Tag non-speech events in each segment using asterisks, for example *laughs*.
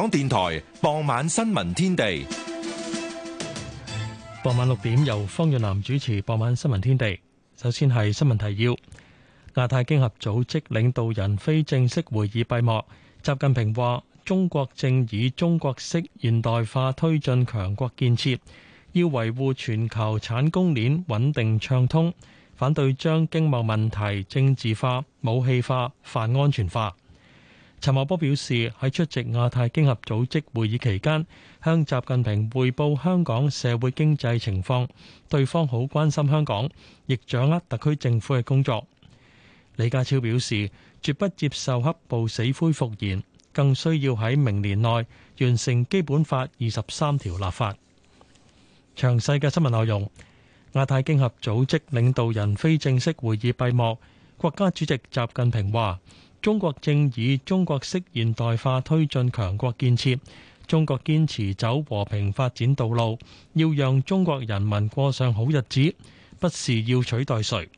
港電台傍晚新聞天地，傍晚六點由方潤南主持。傍晚新聞天地，首先係新聞提要。亞太經合組織領導人非正式會議閉幕，習近平話中國正以中國式現代化推進強國建設，要維護全球產供鏈穩定暢通，反對將經貿問題政治化、武器化、泛安全化。陳茂波表示，喺出席亞太經合組織會議期間，向習近平匯報香港社會經濟情況，對方好關心香港，亦掌握特區政府嘅工作。李家超表示，絕不接受黑暴死灰復燃，更需要喺明年內完成基本法二十三條立法。詳細嘅新聞內容，亞太經合組織領導人非正式會議閉幕，國家主席習近平話。中國正以中國式現代化推進強國建設，中國堅持走和平發展道路，要讓中國人民過上好日子，不是要取代誰。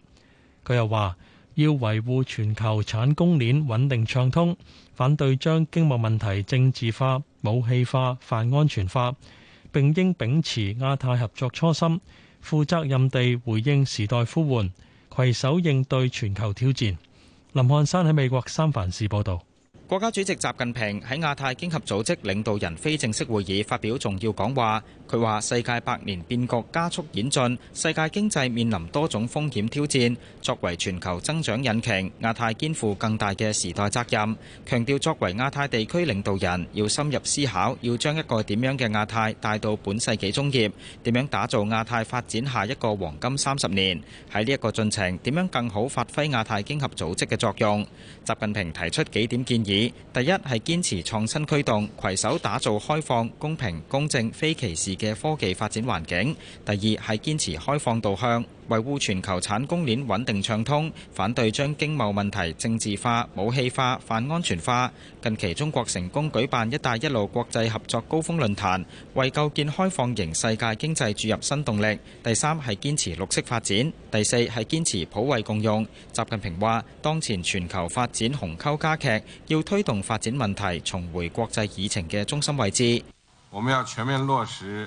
林漢山喺美國三藩市報導。國家主席習近平喺亞太經合組織領導人非正式會議發表重要講話。佢話，世界百年變局加速演進，世界經濟面臨多種風險挑戰，作為全球增長引擎，亞太肩負更大嘅時代責任。強調作為亞太地區領導人，要深入思考，要將一個點樣嘅亞太帶到本世紀中葉，點樣打造亞太發展下一個黃金三十年，喺呢個進程點樣更好發揮亞太經合組織嘅作用。習近平提出幾點建議。第一係堅持創新驅動，攜手打造開放、公平、公正、非歧視嘅科技發展環境；第二係堅持開放導向。維護全球產供鏈穩定暢通，反對將經貿問題政治化、武器化、泛安全化。近期中國成功舉辦“一帶一路”國際合作高峰論壇，為構建開放型世界經濟注入新動力。第三係堅持綠色發展，第四係堅持普惠共用。習近平話：當前全球發展鴻溝加劇，要推動發展問題重回國際議程嘅中心位置。我們要全面落實。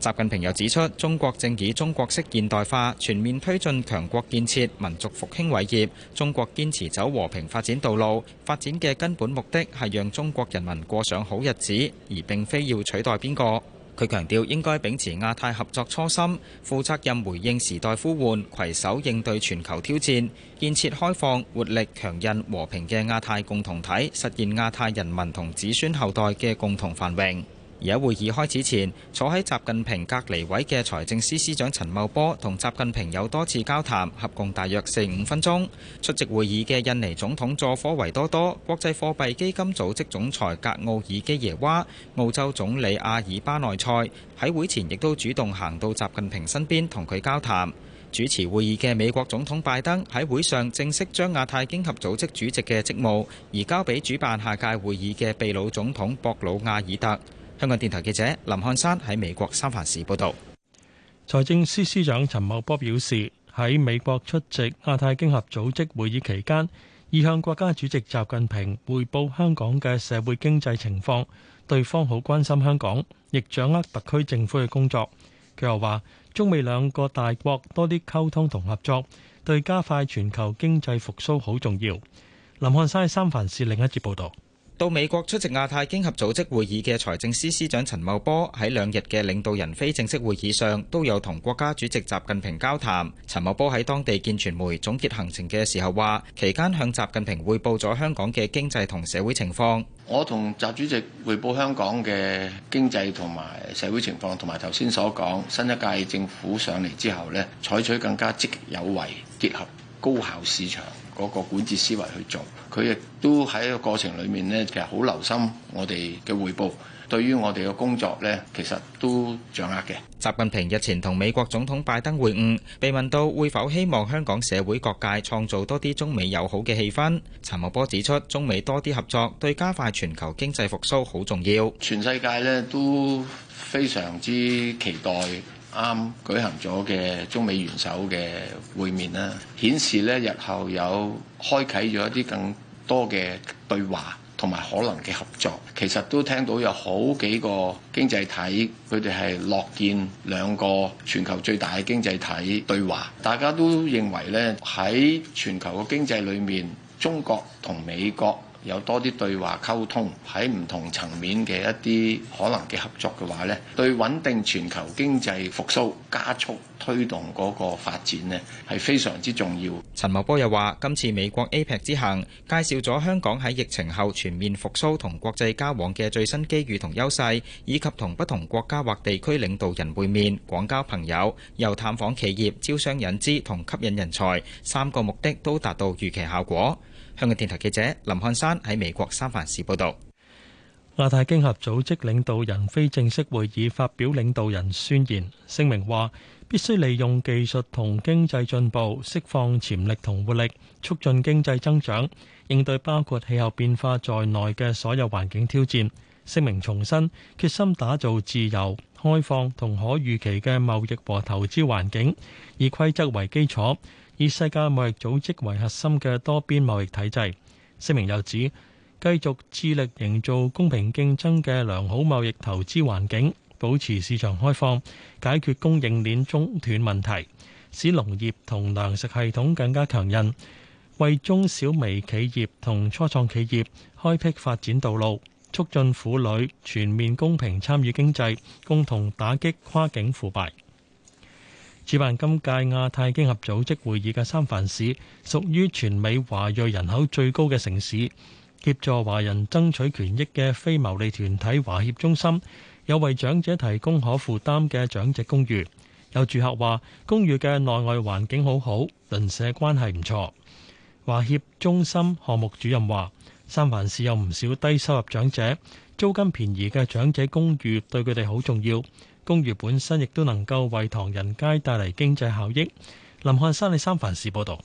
習近平又指出，中國正以中國式現代化全面推進強國建設、民族復興偉業。中國堅持走和平發展道路，發展嘅根本目的係讓中國人民過上好日子，而並非要取代邊個。佢強調應該秉持亞太合作初心，負責任回應時代呼喚，攜手應對全球挑戰，建設開放、活力、強韌、和平嘅亞太共同體，實現亞太人民同子孫後代嘅共同繁榮。而喺會議開始前，坐喺習近平隔離位嘅財政司司司長陳茂波同習近平有多次交談，合共大約四五分鐘。出席會議嘅印尼總統佐科維多多、國際貨幣基金組織總裁格奧爾基耶娃、澳洲總理阿爾巴內塞喺會前亦都主動行到習近平身邊同佢交談。主持會議嘅美國總統拜登喺會上正式將亞太經合組織主席嘅職務移交俾主辦下屆會議嘅秘魯總統博魯亞爾特。香港電台記者林漢山喺美國三藩市報道，財政司司長陳茂波表示，喺美國出席亞太經合組織會議期間，已向國家主席習近平匯報香港嘅社會經濟情況，對方好關心香港，亦掌握特區政府嘅工作。佢又話，中美兩個大國多啲溝通同合作，對加快全球經濟復蘇好重要。林漢山喺三藩市另一節報道。到美國出席亞太經合組織會議嘅財政司司長陳茂波喺兩日嘅領導人非正式會議上，都有同國家主席習近平交談。陳茂波喺當地見傳媒總結行程嘅時候話，期間向習近平匯報咗香港嘅經濟同社會情況。我同習主席匯報香港嘅經濟同埋社會情況，同埋頭先所講，新一屆政府上嚟之後咧，採取更加積極有為，結合高效市場。嗰個管治思維去做，佢亦都喺個過程裏面呢，其實好留心我哋嘅匯報。對於我哋嘅工作呢，其實都掌握嘅。習近平日前同美國總統拜登會晤，被問到會否希望香港社會各界創造多啲中美友好嘅氣氛，陳茂波指出，中美多啲合作對加快全球經濟復甦好重要。全世界呢都非常之期待。啱舉行咗嘅中美元首嘅會面啦，顯示咧日後有開啟咗一啲更多嘅對話同埋可能嘅合作。其實都聽到有好幾個經濟體，佢哋係樂見兩個全球最大嘅經濟體對話，大家都認為咧喺全球嘅經濟裏面，中國同美國。有多啲對話溝通，喺唔同層面嘅一啲可能嘅合作嘅話呢，對穩定全球經濟復甦、加速推動嗰個發展呢，係非常之重要。陳茂波又話：今次美國 APEC 之行，介紹咗香港喺疫情後全面復甦同國際交往嘅最新機遇同優勢，以及同不同國家或地區領導人會面、廣交朋友、又探訪企業、招商引資同吸引人才三個目的都達到預期效果。香港電台記者林漢山喺美國三藩市報道，亞太經合組織領導人非正式會議發表領導人宣言聲明，話必須利用技術同經濟進步釋放潛力同活力，促進經濟增長，應對包括氣候變化在內嘅所有環境挑戰。聲明重申決心打造自由、開放同可預期嘅貿易和投資環境，以規則為基礎。以世界貿易組織為核心的多邊貿易體制，聲明又指，繼續致力營造公平競爭的良好貿易投資環境，保持市場開放，解決供應鏈中斷問題，使農業和糧食系統更加強韌，為中小微企業和初創企業，開闢發展道路，促進婦女，全面公平參與經濟，共同打擊跨境腐敗。主辦今屆亞太經合組織會議嘅三藩市屬於全美華裔人口最高嘅城市，協助華人爭取權益嘅非牟利團體華協中心，有為長者提供可負擔嘅長者公寓。有住客話，公寓嘅內外環境好好，鄰舍關係唔錯。華協中心項目主任話，三藩市有唔少低收入長者，租金便宜嘅長者公寓對佢哋好重要。公寓本身亦都能夠為唐人街帶嚟，經濟效益。林漢山喺三藩市報道。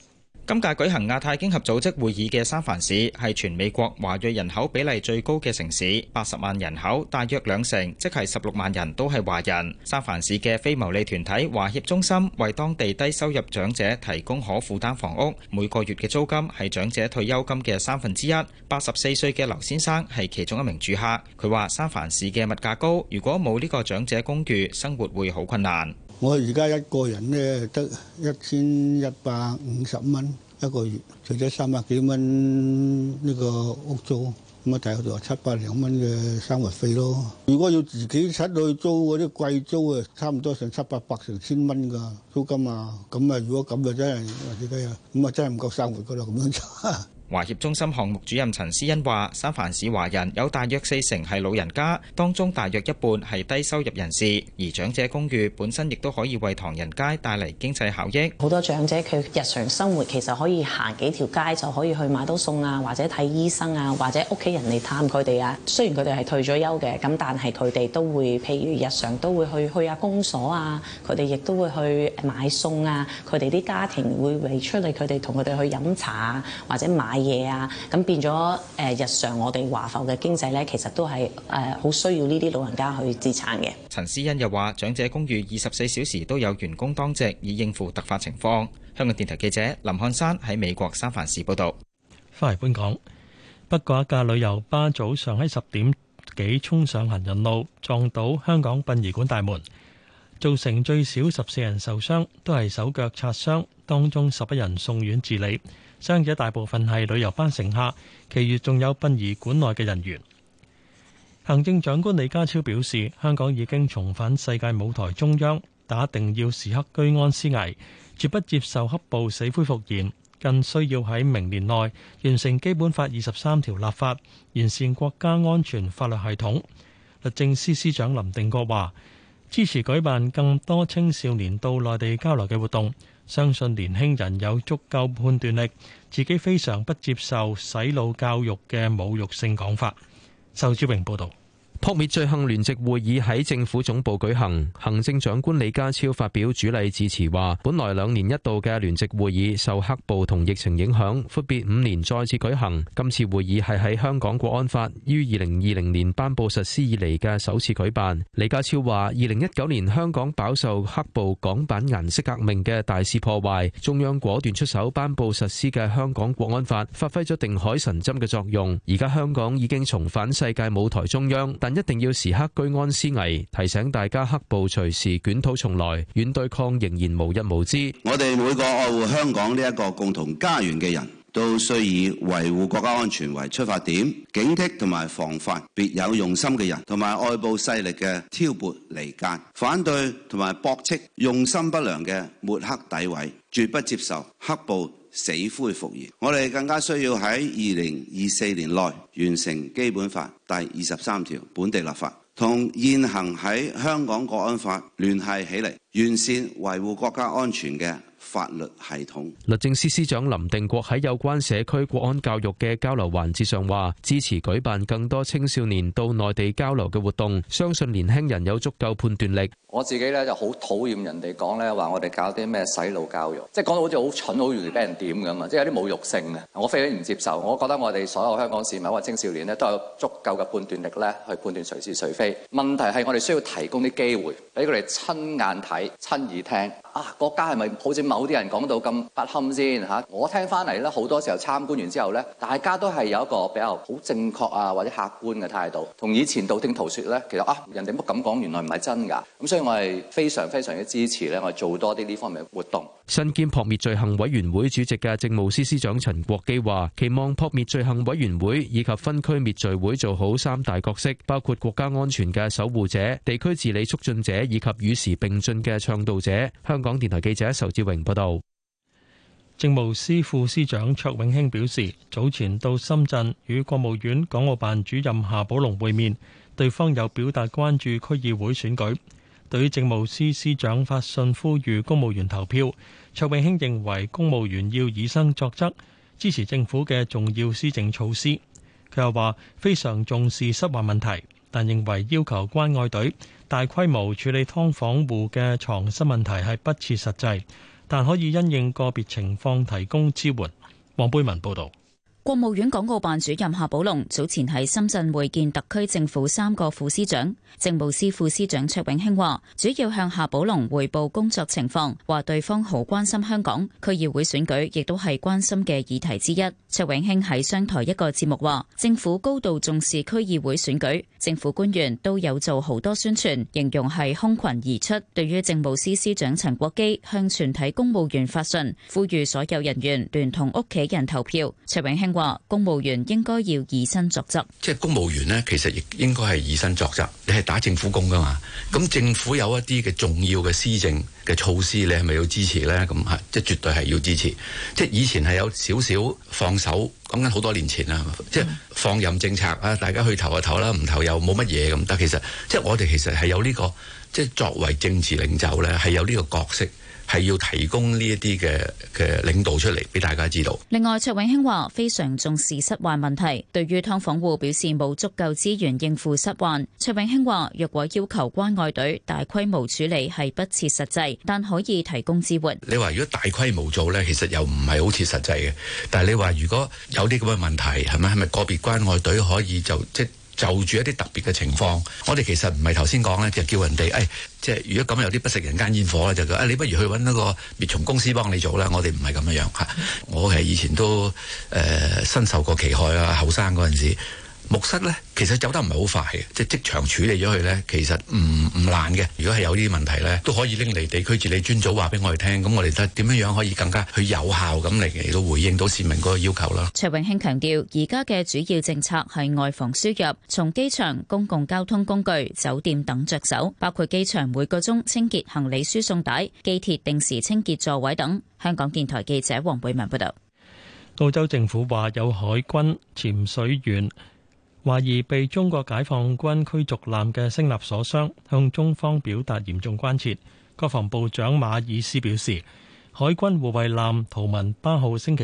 今屆舉行亞太經合組織會議嘅三藩市係全美國華裔人口比例最高嘅城市，八十萬人口大約兩成，即係十六萬人都係華人。三藩市嘅非牟利團體華協中心為當地低收入長者提供可負擔房屋，每個月嘅租金係長者退休金嘅三分之一。八十四歲嘅劉先生係其中一名住客，佢話三藩市嘅物價高，如果冇呢個長者公寓，生活會好困難。我而家一個人咧得一千一百五十蚊一個月，除咗三百幾蚊呢個屋租，咁啊大概就七百零蚊嘅生活費咯。如果要自己出去租嗰啲貴租啊，差唔多成七八百,百成千蚊噶租金啊，咁啊如果咁就真係點計啊？咁啊真係唔夠生活噶啦咁樣。華協中心項目主任陳思欣話，三藩市華人有大約四成係老人家，當中大約一半係低收入人士，而長者公寓本身亦都可以為唐人街帶嚟經濟效益。好多長者佢日常生活其實可以行幾條街就可以去買到餸啊，或者睇醫生啊，或者屋企人嚟探佢哋啊。雖然佢哋係退咗休嘅，咁但係佢哋都會，譬如日常都會去去下公所啊，佢哋亦都會去買餸啊，佢哋啲家庭會為出嚟，佢哋同佢哋去飲茶啊，或者買。買嘢啊，咁變咗誒，日常我哋華埠嘅經濟呢，其實都係誒，好需要呢啲老人家去支撐嘅。陳思欣又話，長者公寓二十四小時都有員工當值，以應付突發情況。香港電台記者林漢山喺美國三藩市報道。翻嚟本港，不過一架旅遊巴早上喺十點幾衝上行人路，撞到香港殯儀館大門。造成最少14支持舉辦更多青少年到內地交流嘅活動，相信年輕人有足夠判斷力，自己非常不接受洗腦教育嘅侮辱性講法。仇志榮報導。撲滅罪行聯席會議喺政府總部舉行，行政長官李家超發表主禮致辭，話本來兩年一度嘅聯席會議受黑暴同疫情影響，闊別五年再次舉行。今次會議係喺香港國安法於二零二零年頒布實施以嚟嘅首次舉辦。李家超話：二零一九年香港飽受黑暴、港版顏色革命嘅大肆破壞，中央果斷出手頒布實施嘅香港國安法，發揮咗定海神針嘅作用。而家香港已經重返世界舞台中央，但一定要時刻居安思危，提醒大家黑暴隨時捲土重來，遠對抗仍然無日無之。我哋每個愛護香港呢一個共同家園嘅人都需以維護國家安全為出發點，警惕同埋防範別有用心嘅人同埋外部勢力嘅挑撥離間、反對同埋駁斥用心不良嘅抹黑詆毀，絕不接受黑暴死灰復燃，我哋更加需要喺二零二四年內完成基本法第二十三條本地立法，同現行喺香港國安法聯繫起嚟，完善維護國家安全嘅法律系統。律政司司長林定國喺有關社區國安教育嘅交流環節上話，支持舉辦更多青少年到內地交流嘅活動，相信年輕人有足夠判斷力。我自己呢就好討厭人哋講呢話，我哋搞啲咩洗腦教育，即係講到好似好蠢好容易俾人點咁呀，即係有啲侮辱性呀，我非常唔接受，我覺得我哋所有香港市民或青少年呢都有足夠嘅判斷力呢去判斷誰是誰非。問題係我哋需要提供啲機會，俾佢哋親眼睇，親耳聽，啊！國家係咪好似某啲人講到咁不堪先嚇？我聽翻嚟咧，好多時候參觀完之後咧，大家都係有一個比較好正確啊或者客觀嘅態度，同以前道聽途說咧，其實啊人哋乜噉講，原來唔係真㗎。咁所以我係非常非常之支持咧，我做多啲呢方面嘅活動。身兼撲滅罪行委員會主席嘅政務司司長陳國基話，期望撲滅罪行委員會以及分區滅罪會做好三大角色，包括國家安全嘅守護者、地區治理促進者以及與時並進嘅倡導者。香香港電台記者仇志榮報道，政務司副司長卓永興表示，早前到深圳與國務院港澳辦主任夏寶龍會面，對方有表達關注區議會選舉。對於政務司司長發信呼籲公務員投票，卓永興認為公務員要以身作則，支持政府嘅重要施政措施。佢又話非常重視失患問題，但認為要求關愛隊。大規模處理劏房戶嘅藏身問題係不切實際，但可以因應個別情況提供支援。黃貝文報導。國務院港澳辦主任夏寶龍，早前喺深圳會見特區政府三個副司長。政務司副司長卓永興話，主要向夏寶龍匯報工作情況，話對方好關心香港，區議會選舉亦都係關心嘅議題之一。卓永興喺商台一個節目，話政府高度重視區議會選舉，政府官員都有做好多宣傳，形容係空群而出，對於政務司司長陳國基向全體公務員發信，呼籲所有人員，聯同屋企人投票。卓永興話公務員應該要以身作則，即係公務員呢，其實亦應該係以身作則。你係打政府工噶嘛？咁政府有一啲嘅重要嘅施政嘅措施，你係咪要支持呢？咁啊，即係絕對係要支持。即係以前係有少少放手，講緊好多年前啦，即係放任政策啊，大家去投就投啦，唔投又冇乜嘢咁。但其實，即係我哋其實係有呢、個，即係作為政治領袖呢，係有呢個角色。係要提供呢一啲嘅嘅領導出嚟，俾大家知道。另外，卓永興話非常重視失患問題，對於劏房戶表示冇足夠資源應付失患。卓永興話，若果要求關愛隊大規模處理係不切實際，但可以提供支援。你話如果大規模做呢，其實又唔係好切實際嘅。但係你話如果有啲咁嘅問題，係咪係咪個別關愛隊可以就即？就是就住一啲特別嘅情況，我哋其實唔係頭先講呢，就叫人哋誒，即係如果咁有啲不食人間煙火呢，就叫誒你不如去揾一個滅蟲公司幫你做啦。我哋唔係咁樣、嗯、我係以前都誒深、呃、受過其害啊，後生嗰陣時。木蝨咧，其實走得唔係好快嘅，即係即場處理咗佢咧，其實唔唔難嘅。如果係有啲問題咧，都可以拎嚟地區治理專組話俾我哋聽，咁我哋睇點樣樣可以更加去有效咁嚟嚟到回應到市民嗰個要求啦。卓永興強調，而家嘅主要政策係外防輸入，從機場、公共交通工具、酒店等着手，包括機場每個鐘清潔行李輸送帶、機鐵定時清潔座位等。香港電台記者黃貝文報道。澳洲政府話有海軍潛水員。懷疑被中國解放軍驅逐艦嘅聲納所傷，向中方表達嚴重關切。國防部長馬爾斯表示，海軍護衛艦圖文巴號星期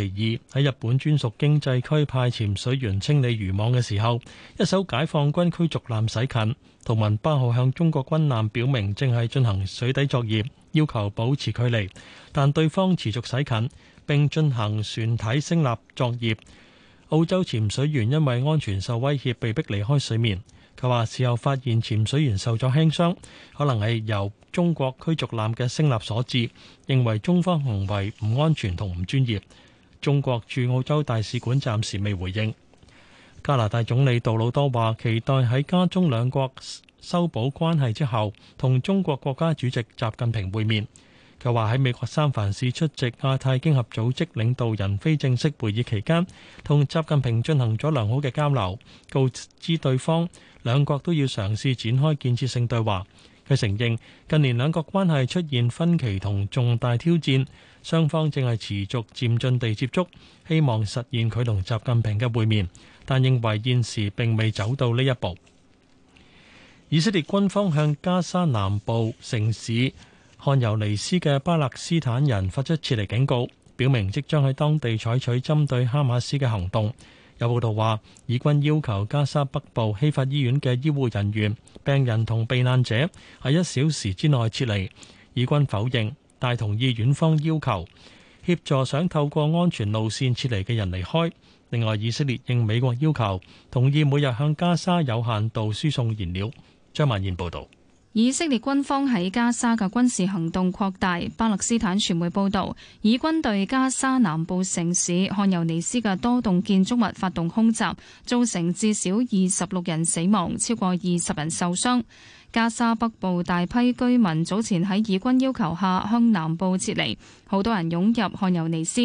二喺日本專屬經濟區派潛水員清理漁網嘅時候，一艘解放軍驅逐艦駛近圖文巴號，向中國軍艦表明正係進行水底作業，要求保持距離，但對方持續駛近並進行船體聲納作業。澳洲潛水員因為安全受威脅被迫離開水面，佢話事後發現潛水員受咗輕傷，可能係由中國驅逐艦的聲納所致，認為中方行為唔安全同唔專業。中國駐澳洲大使館暫時未回應。加拿大總理杜魯多話期待喺加中兩國修補關係之後，同中國國家主席習近平會面。佢話喺美國三藩市出席亞太經合組織領導人非正式會議期間，同習近平進行咗良好嘅交流，告知對方兩國都要嘗試展開建設性對話。佢承認近年兩國關係出現分歧同重大挑戰，雙方正係持續漸進地接觸，希望實現佢同習近平嘅會面，但認為現時並未走到呢一步。以色列軍方向加沙南部城市漢尤尼斯嘅巴勒斯坦人發出撤離警告，表明即將喺當地採取針對哈馬斯嘅行動。有報道話，以軍要求加沙北部希法醫院嘅醫護人員、病人同避難者喺一小時之內撤離。以軍否認，但同意院方要求協助想透過安全路線撤離嘅人離開。另外，以色列應美國要求，同意每日向加沙有限度輸送燃料。張曼燕報道。以色列軍方喺加沙嘅軍事行動擴大。巴勒斯坦傳媒報道，以軍對加沙南部城市漢尤尼斯嘅多棟建築物發動空襲，造成至少二十六人死亡，超過二十人受傷。加沙北部大批居民早前喺以軍要求下向南部撤離，好多人湧入漢尤尼斯。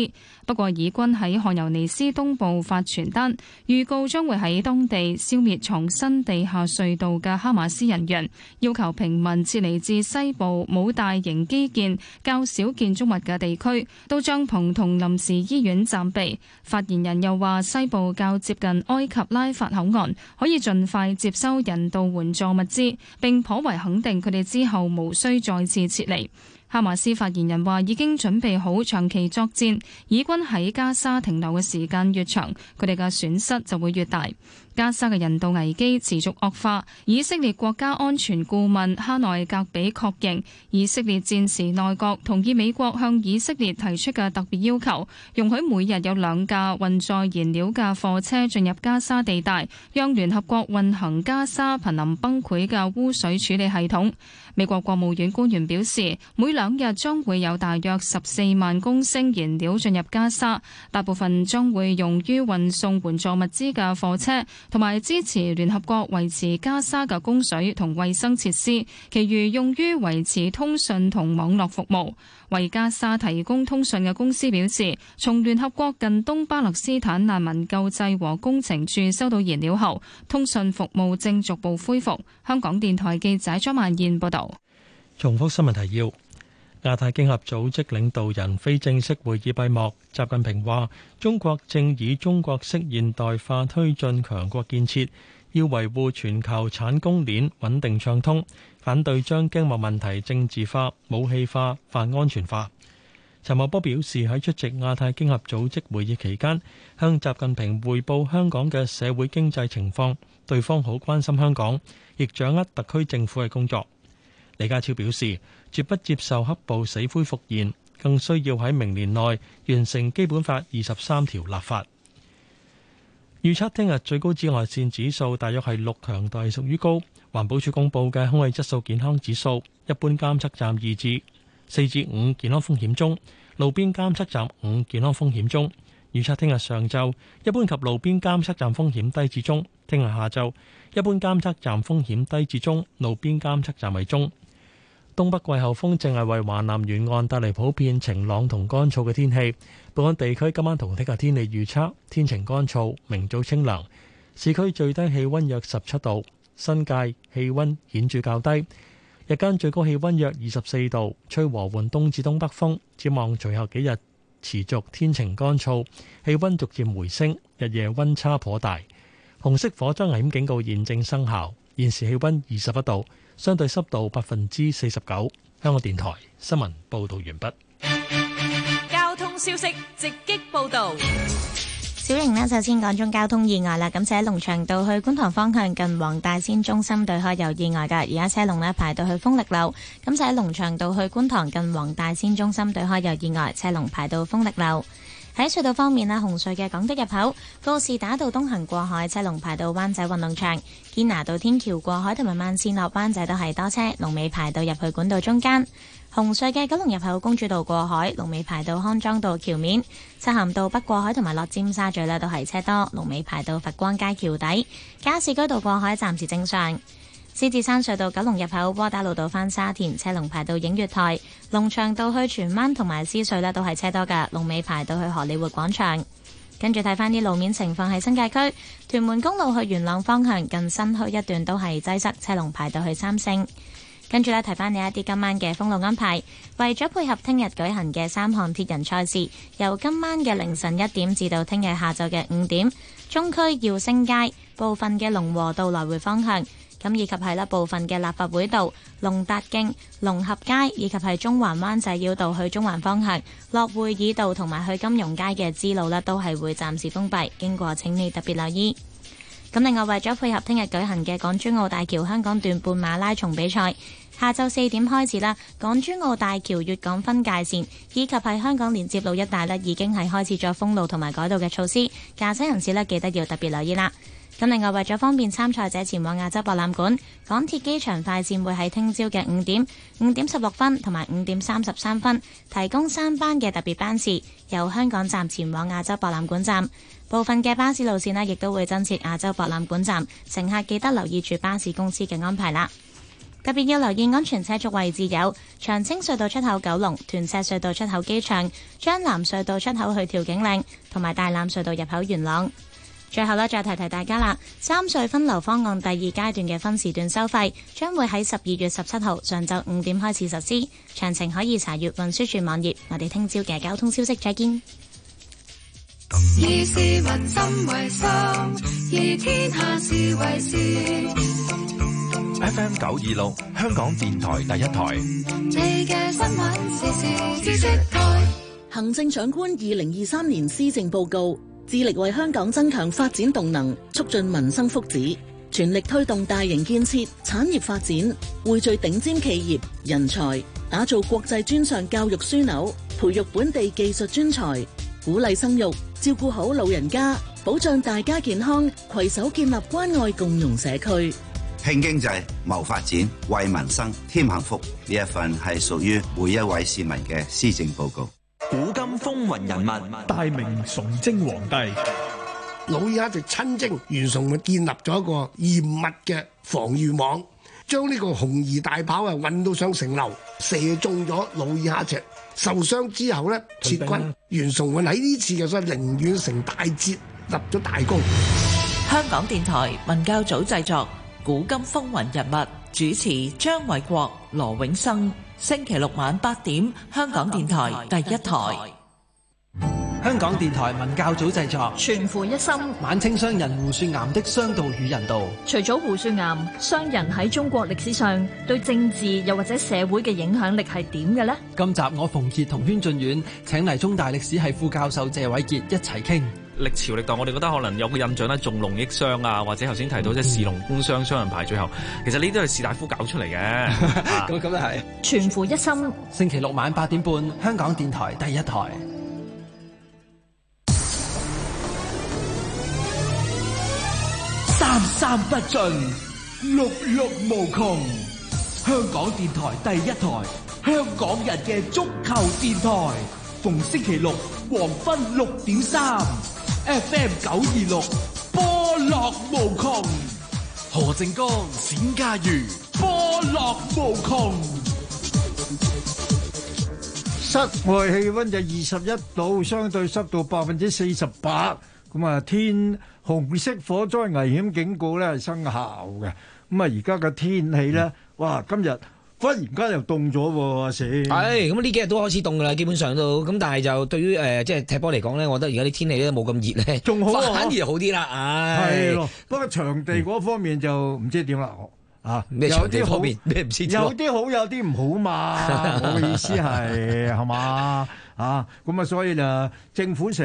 不過，以軍喺漢尤尼斯東部發傳單，預告將會喺當地消滅藏身地下隧道嘅哈馬斯人員，要求平民撤離至西部冇大型基建、較少建築物嘅地區，到帳篷同臨時醫院暫避。發言人又話，西部較接近埃及拉法口岸，可以盡快接收人道援助物資。並頗為肯定，佢哋之後無需再次撤離。哈馬斯發言人話：已經準備好長期作戰，以軍喺加沙停留嘅時間越長，佢哋嘅損失就會越大。加沙嘅人道危機持續惡化。以色列國家安全顧問哈內格比確認，以色列戰時內閣同意美國向以色列提出嘅特別要求，容許每日有兩架運載燃料嘅貨車進入加沙地帶，讓聯合國運行加沙瀕臨崩潰嘅污水處理系統。美國國務院官員表示，每兩日將會有大約十四萬公升燃料進入加沙，大部分將會用於運送援助物資嘅貨車，同埋支持聯合國維持加沙嘅供水同衛生設施。其餘用於維持通訊同網絡服務。為加沙提供通訊嘅公司表示，從聯合國近東巴勒斯坦難民救濟和工程處收到燃料後，通訊服務正逐步恢復。香港電台記者張萬燕報道。重複新聞提要。亞太經合組織領導人非正式會議閉幕，習近平話：中國正以中國式現代化推進強國建設，要維護全球產供鏈穩定暢通，反對將經貿問題政治化、武器化、泛安全化。陳茂波表示，喺出席亞太經合組織會議期間，向習近平匯報香港嘅社會經濟情況，對方好關心香港，亦掌握特區政府嘅工作。李家超表示，絕不接受黑暴死灰復燃，更需要喺明年內完成《基本法》二十三條立法。預測聽日最高紫外綫指數大約係六，強度屬於高。環保署公布嘅空氣質素健康指數，一般監測站二至四至五，健康風險中；路邊監測站五，健康風險中。預測聽日上晝一般及路邊監測站風險低至中，聽日下晝一般監測站風險低至中，路邊監測站為中。東北季候風正係為華南沿岸帶嚟普遍晴朗同乾燥嘅天氣。本港地區今晚同聽日天氣預測：天晴乾燥，明早清涼，市區最低氣溫約十七度，新界氣溫顯著較低。日間最高氣溫約二十四度，吹和緩東至東北風。展望隨後幾日持續天晴乾燥，氣溫逐漸回升，日夜溫差頗大。紅色火災危險警告現正生效，現時氣溫二十一度。相對濕度百分之四十九。香港電台新聞報道完畢。交通消息直擊報道。小瑩呢，首先講中交通意外啦。咁就喺龍翔道去觀塘方向，近黃大仙中心對開有意外噶，而家車龍呢排到去豐力樓，咁就喺龍翔道去觀塘近黃大仙中心對開有意外，車龍排到豐力樓喺隧道方面啊，紅隧嘅港島入口，告士打道東行過海，車龍排到灣仔運動場，堅拿道天橋過海同埋慢線落灣仔都係多車，龍尾排到入去管道中間。紅隧嘅九龍入口，公主道過海，龍尾排到康莊道橋面；漆咸道北過海同埋落尖沙咀咧都係車多，龍尾排到佛光街橋底。加士居道過海暫時正常。獅子山隧道九龍入口，窩打老道返沙田車龍排到映月台，龍翔道去荃灣同埋獅隧呢都係車多噶，龍尾排到去荷里活廣場。跟住睇翻啲路面情況，喺新界區屯門公路去元朗方向近新墟一段都係擠塞，車龍排到去三星。跟住呢，提翻你一啲今晚嘅封路安排，為咗配合聽日舉行嘅三項鐵人賽事，由今晚嘅凌晨一點至到聽日下晝嘅五點，中區耀星街部分嘅龍和道來回方向。咁以及喺部分嘅立法會道、龍達徑、龍合街，以及喺中環灣仔繞道去中環方向、落會議道同埋去金融街嘅支路咧，都係會暫時封閉，經過請你特別留意。咁另外為咗配合聽日舉行嘅港珠澳大橋香港段半馬拉松比賽，下晝四點開始啦，港珠澳大橋粵港分界線以及喺香港連接路一帶咧已經係開始咗封路同埋改道嘅措施，駕駛人士咧記得要特別留意啦。咁另外，為咗方便參賽者前往亞洲博覽館，港鐵機場快線會喺聽朝嘅五點、五點十六分同埋五點三十三分提供三班嘅特別班次，由香港站前往亞洲博覽館站。部分嘅巴士路線咧，亦都會增設亞洲博覽館站。乘客記得留意住巴士公司嘅安排啦。特別要留意安全車速位置有長青隧道出口九龍、屯赤隧道出口機場、將南隧道出口去調景嶺，同埋大欖隧道入口元朗。最後啦，再提提大家啦。三隧分流方案第二階段嘅分時段收費，將會喺十二月十七號上晝五點開始實施。詳情可以查閱運輸署網頁。我哋聽朝嘅交通消息再見。以市民心為心，以天下事為事。FM 九二六，FM926，香港電台第一台。你嘅新聞時事知識台。行政長官二零二三年施政報告。致力為香港增強發展動能，促進民生福祉，全力推動大型建設、產業發展，匯聚頂尖企業人才，打造國際專上教育樞紐，培育本地技術專才，鼓勵生育，照顧好老人家，保障大家健康，攜手建立關愛共融社區，興經濟、謀發展、為民生添幸福，呢一份係屬於每一位市民嘅施政報告。古今風雲人物，大明崇禎皇帝努爾哈赤親征，袁崇煥建立咗一個嚴密嘅防御網，將呢個紅夷大炮啊運到上城樓，射中咗努爾哈赤，受傷之後呢撤軍。袁崇煥喺呢次嘅時候寧遠城大捷，立咗大功。香港電台文教組製作《古今風雲人物》，主持張偉國、羅永生。星期六晚八點，香港電台第一台。香港電台，第一台，香港電台文教組製作。全乎一心。晚清商人胡雪岩的商道與人道。除咗胡雪岩，商人喺中國歷史上對政治又或者社會嘅影響力係點嘅呢？今集我馮杰同軒俊遠請嚟中大歷史系副教授謝偉傑一齊傾。歷朝歷代，我哋覺得可能有個印象咧，重農抑商啊，或者頭先提到即係士農工商，商人排最後。其實呢啲係士大夫搞出嚟嘅。咁咁又係全乎一心。星期六晚八點半，香港電台第一台。三三不盡，六六無窮。香港電台第一台，香港人嘅足球電台，逢星期六黃昏六點三。FM 九二六波樂無窮，何正剛冼家瑜波樂無窮。室外氣溫就二十一度，相對濕度百分之四十八。咁啊，天紅色火災危險警告咧係生效嘅。咁啊，而家嘅天氣咧，哇，今日。忽然間又凍咗喎，死！係、哎、咁，呢幾日都開始凍㗎喇，基本上都咁，但係就對於誒，即、呃、係踢波嚟講咧，我覺得而家啲天氣都冇咁熱咧，仲好，反而好啲啦。係咯、哎，不過場地嗰方面就唔知點啦、嗯啊。啊，有啲好，咩唔知？有啲好，有啲唔好嘛。 *laughs* 我嘅意思係係嘛啊，咁啊，所以呢，政府成。